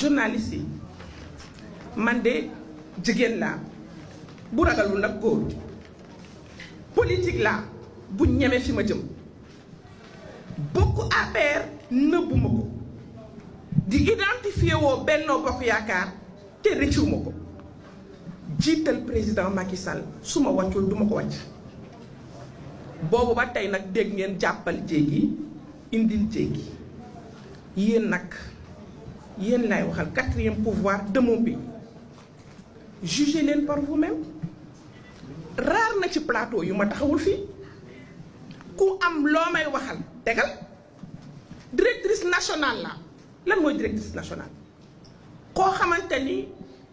journaliste yi man de jigéen laa bu ragalul nag góor politique laa bu ñeme fi ma jëm bokk APR nëbbuma ko di identifié woo Benno Bokk Yaakaar te rëccuwuma ko jiital président Macky Sall su ma wàccul du ko wàcc boobu ba tey nag dégg ngeen jàppal jéegi indil jéegi yéen nag yen lay waxal quatrième pouvoir de mon pays jugez leen par vous-même Rarement na ci plateau yu ma taxawul fi ku am lomay waxal tegal directrice nationale la lan mooy directrice nationale ko xamanteni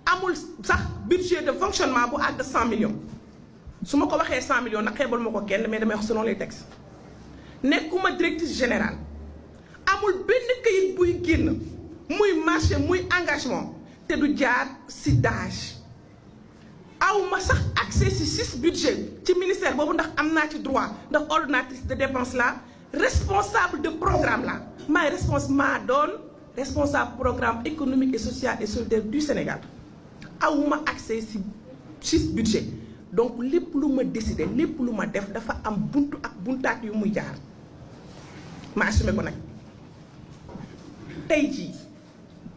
amul sax budget de fonctionnement bu 100 100 millions suma ko waxee 100 millions nag xeebal ma kenn mais damay wax selon les textes nekuma directrice générale amul benn këyit buy génn muy marché muy engagement té du jaar sidage. daaj aw sax accès si six budget ci ministère bobu ndax amna ci droit ndax ordonnatrice de dépenses là, responsable de programme là, ma responsable ma donne responsable programme économique et social et solidaire du Sénégal awuma ma accès si six budget donc lepp lu ma décidé lépp lu ma def dafa am buntu ak buntaat yu muy jaar ma assumé ko nak tay jii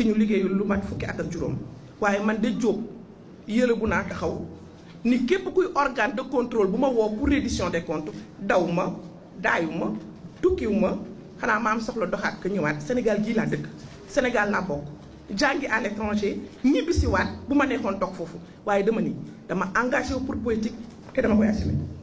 ci ñu liggéeyul lu mat fukki at ak juróom waaye man de Diop yële naa taxaw ni képp kuy organe de contrôle bu ma woo pour reddition des comptes daw ma daayu ma tukkiw ma xanaa ma am soxla doxaat ko ñëwaat Sénégal gii laa dëkk Sénégal laa bokk jàngi à l'étranger ñibbisiwaat bu ma neexoon toog foofu waaye dama ni dama engagé wu pour politique te dama koy assumer